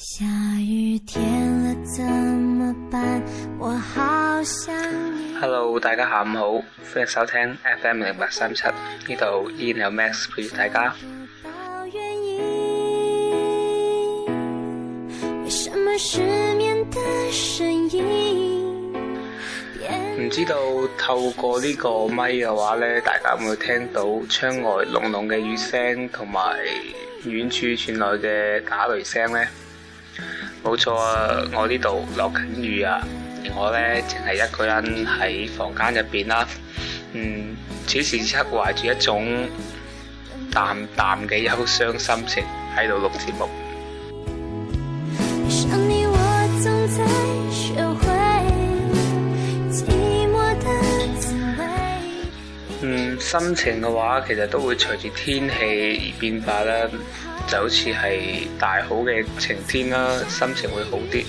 下雨天喇，怎麼辦？我好想。Hello，大家下午好，歡迎收聽 FM 零八三七，呢度依然有 Max 陪住大家。唔 知道透過呢個麥嘅話咧，大家有冇聽到窗外隆隆嘅雨聲同埋遠處傳來嘅打雷聲咧？冇錯啊，啊！我呢度落緊雨啊，我呢淨係一個人喺房間入邊啦。嗯，此時此刻懷住一種淡淡嘅憂傷心情喺度錄節目。嗯，心情嘅話，其實都會隨住天氣而變化啦。就好似係大好嘅晴天啦，心情會好啲；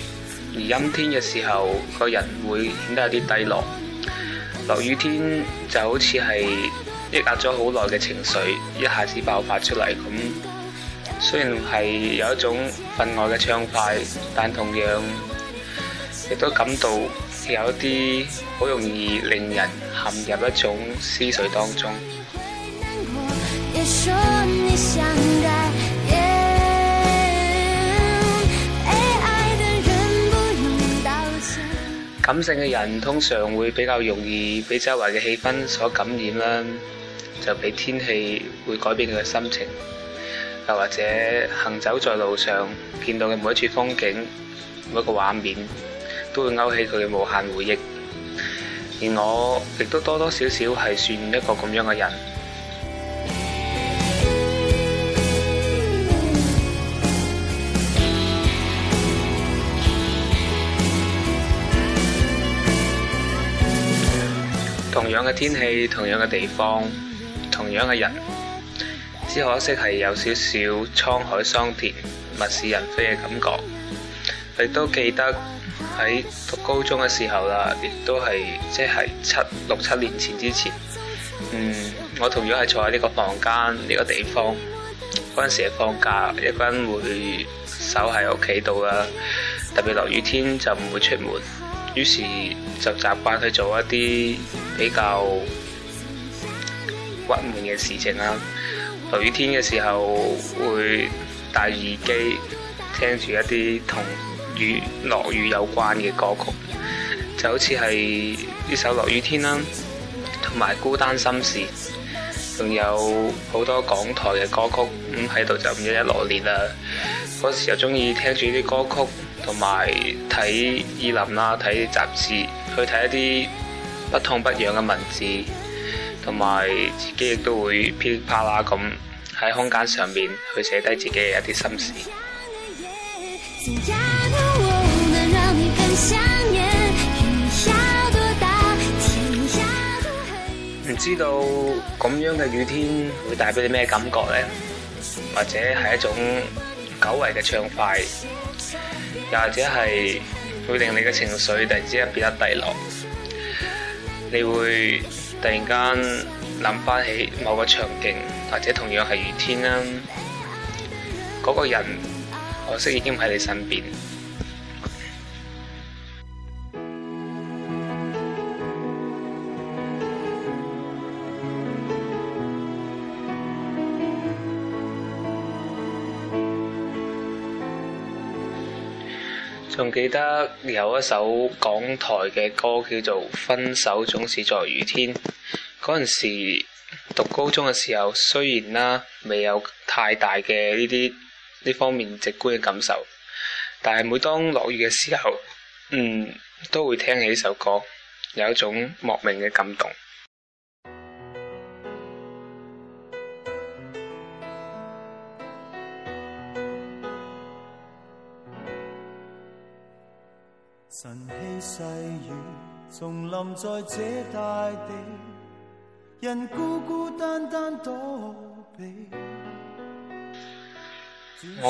而陰天嘅時候，個人會顯得有啲低落。落雨天就好似係抑壓咗好耐嘅情緒，一下子爆發出嚟咁。雖然係有一種分外嘅暢快，但同樣亦都感到有一啲好容易令人陷入一種思緒當中。感性嘅人通常會比較容易俾周圍嘅氣氛所感染啦，就俾天氣會改變佢嘅心情，又或者行走在路上見到嘅每一處風景，每一個畫面都會勾起佢嘅無限回憶，而我亦都多多少少係算一個咁樣嘅人。同樣嘅天氣，同樣嘅地方，同樣嘅人，只可惜係有少少滄海桑田、物是人非嘅感覺。亦都記得喺讀高中嘅時候啦，亦都係即係七六七年前之前。嗯，我同樣係坐喺呢個房間呢個地方。嗰陣時係放假，一般會守喺屋企度啦。特別落雨天就唔會出門。於是就習慣去做一啲比較鬱悶嘅事情啦。落雨天嘅時候會戴耳機，聽住一啲同雨落雨有關嘅歌曲，就好似係呢首《落雨天》啦，同埋《孤單心事》，仲有好多港台嘅歌曲，咁喺度就咁一一羅列啦。嗰時又鍾意聽住啲歌曲。同埋睇意林啦，睇雜誌，去睇一啲不痛不癢嘅文字，同埋自己亦都會噼里啪啦咁喺空間上面去寫低自己嘅一啲心事。唔 知道咁樣嘅雨天會帶俾你咩感覺咧？或者係一種久違嘅暢快？又或者係會令你嘅情緒突然之間變得低落，你會突然間諗翻起某個場景，或者同樣係雨天啦，嗰、那個人可惜已經唔喺你身邊。仲記得有一首港台嘅歌叫做《分手總是在雨天》，嗰陣時讀高中嘅時候，雖然啦，未有太大嘅呢啲呢方面直觀嘅感受，但係每當落雨嘅時候，嗯，都會聽起呢首歌，有一種莫名嘅感動。我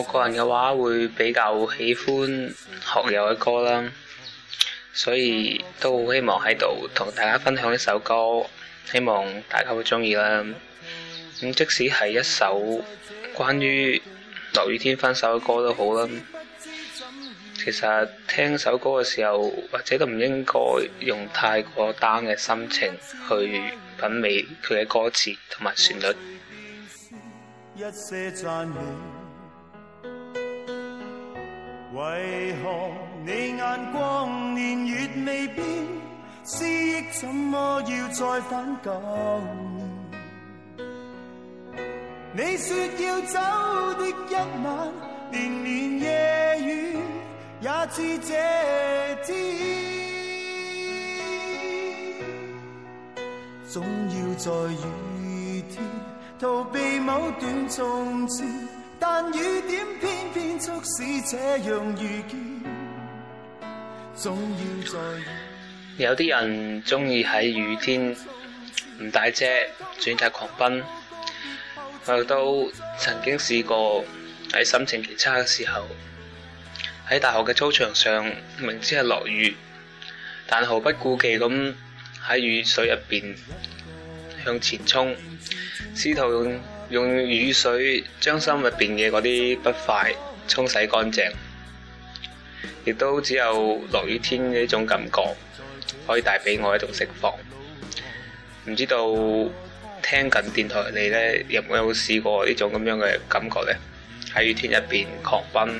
個人嘅話會比較喜歡學友嘅歌啦，所以都好希望喺度同大家分享一首歌，希望大家會鍾意啦。咁、嗯、即使係一首關於落雨天分手嘅歌都好啦。其實聽首歌嘅時候，或者都唔應該用太過 down 嘅心情去品味佢嘅歌詞同埋旋律。為何你眼光年月未變總要在雨天逃避某段從前，但雨點偏偏促使這樣遇見。總要在雨天，有啲人鍾意喺雨天唔 帶遮，選擇狂奔。我都曾經試過喺心情極差嘅時候。喺大學嘅操場上，明知係落雨，但毫不顧忌咁喺雨水入邊向前衝，試圖用，用雨水將心入邊嘅嗰啲不快沖洗乾淨。亦都只有落雨天呢種感覺，可以帶俾我一種釋放。唔知道聽緊電台你呢有冇試過呢種咁樣嘅感覺呢？喺雨天入邊狂奔。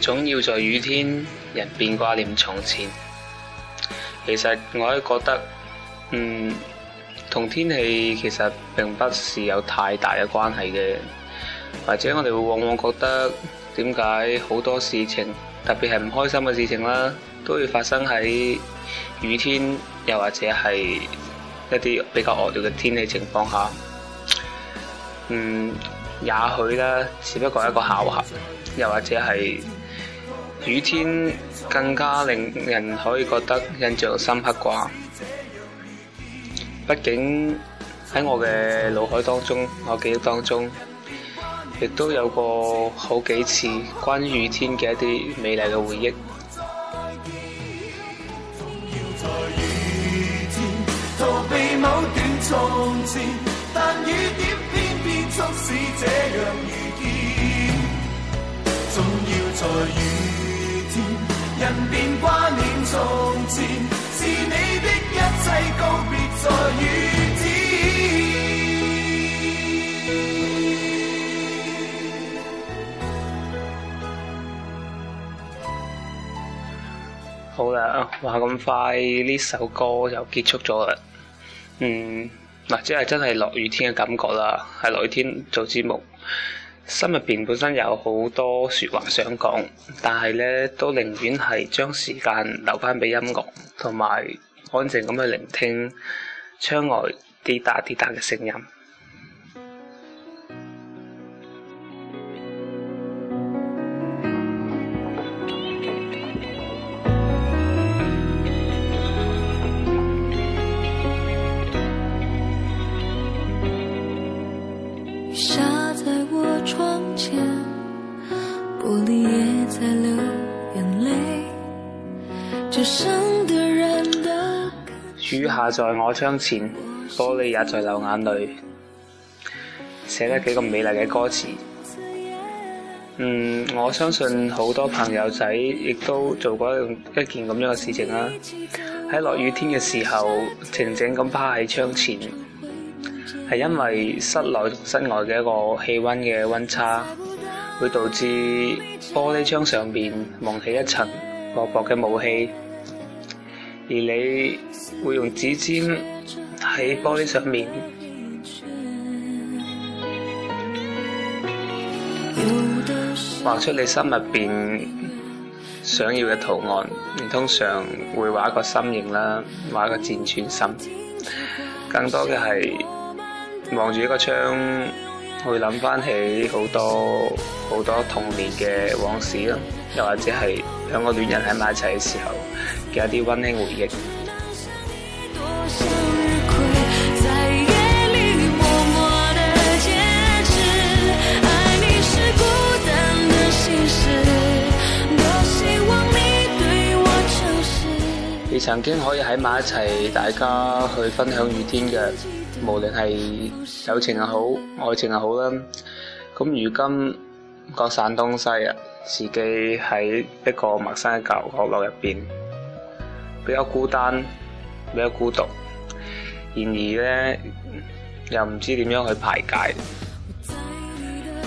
總要在雨天，人變掛念從前。其實我都覺得，嗯，同天氣其實並不是有太大嘅關係嘅。或者我哋會往往覺得，點解好多事情，特別係唔開心嘅事情啦，都會發生喺雨天，又或者係一啲比較惡劣嘅天氣情況下，嗯。也許呢，只不過係一個巧合，又或者係雨天更加令人可以覺得印象深刻啩。畢竟喺我嘅腦海當中，我記憶當中，亦都有過好幾次關於雨天嘅一啲美麗嘅回憶。 人變掛念從前，是你的一切告別在雨天。好啦，話咁快，呢首歌又結束咗啦。嗯，嗱，即係真係落雨天嘅感覺啦，係落雨天做節目。心入邊本身有好多說話想講，但係咧都寧願係將時間留翻畀音樂，同埋安靜咁去聆聽窗外滴答滴答嘅聲音。趴在我窗前，玻璃也在流眼淚，寫得幾個美麗嘅歌詞。嗯，我相信好多朋友仔亦都做過一一件咁樣嘅事情啦。喺落雨天嘅時候，靜靜咁趴喺窗前，係因為室內同室外嘅一個氣溫嘅溫差，會導致玻璃窗上面蒙起一層薄薄嘅霧氣。而你會用指尖喺玻璃上面畫出你心入邊想要嘅圖案，你通常會畫一個心形啦，畫一個箭穿心，更多嘅係望住呢個窗會諗翻起好多好多童年嘅往事啦，又或者係兩個戀人喺埋一齊嘅時候。加啲溫馨回憶。你曾經可以喺埋一齊，大家去分享雨天嘅，無論係友情又好，愛情又好啦。咁如今各散東西啊，自己喺一個陌生嘅舊角落入邊。比較孤單，比較孤獨，然而咧又唔知點樣去排解，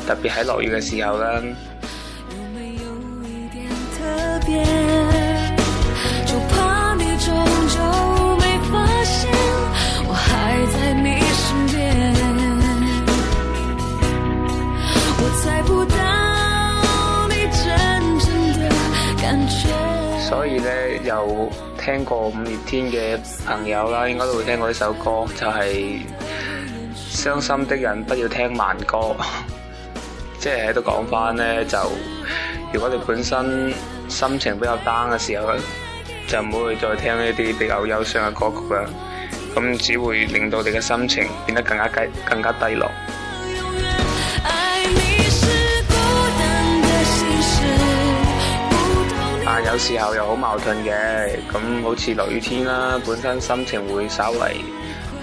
特別喺落雨嘅時候咧。 所以咧又。聽過五月天嘅朋友啦，應該都會聽過呢首歌，就係、是《傷心的人不要聽慢歌》，即係喺度講返呢，就如果你本身心情比較 down 嘅時候，就唔會再聽呢啲比較憂傷嘅歌曲啦，咁只會令到你嘅心情變得更加低更加低落。有時候又好矛盾嘅，咁好似落雨天啦，本身心情會稍為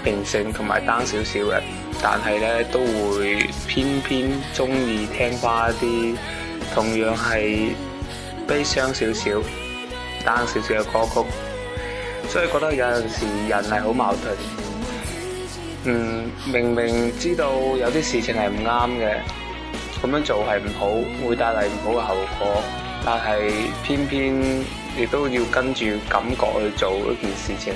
平靜同埋 down 少少嘅，但係咧都會偏偏中意聽翻一啲同樣係悲傷少少、down 少少嘅歌曲，所以覺得有陣時人係好矛盾。嗯，明明知道有啲事情係唔啱嘅，咁樣做係唔好，會帶嚟唔好嘅後果。但係偏偏亦都要跟住感覺去做一件事情，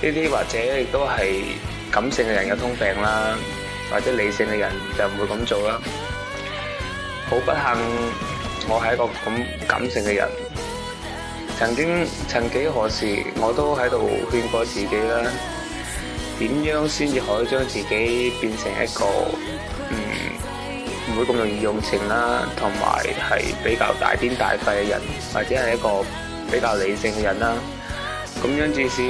呢啲或者亦都係感性嘅人嘅通病啦，或者理性嘅人就唔會咁做啦。好不幸，我係一個咁感性嘅人。曾經，曾幾何時，我都喺度勸過自己啦，點樣先至可以將自己變成一個。唔會咁容易用情啦，同埋係比較大癲大肺嘅人，或者係一個比較理性嘅人啦。咁樣至少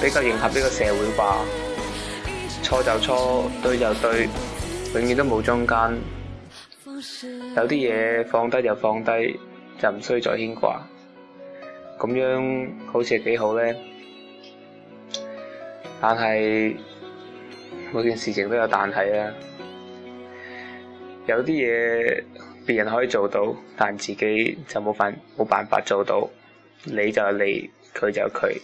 比較迎合呢個社會吧。錯就錯，對就對，永遠都冇中間。有啲嘢放低就放低，就唔需要再牽掛。咁樣好似係幾好咧，但係每件事情都有彈性啦。有啲嘢別人可以做到，但自己就冇辦冇辦法做到。你就係你，佢就佢。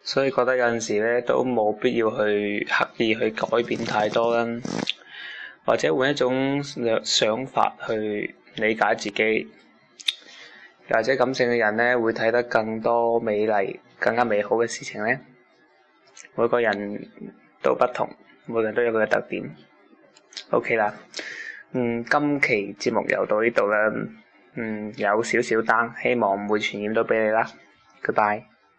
所以覺得有陣時咧，都冇必要去刻意去改變太多啦，或者換一種想法去理解自己。又或者感性嘅人咧，會睇得更多美麗、更加美好嘅事情咧。每個人都不同，每個人都有佢嘅特點。OK 啦，嗯，今期節目又到呢度啦，嗯，有少少單，希望唔會傳染到畀你啦。Goodbye。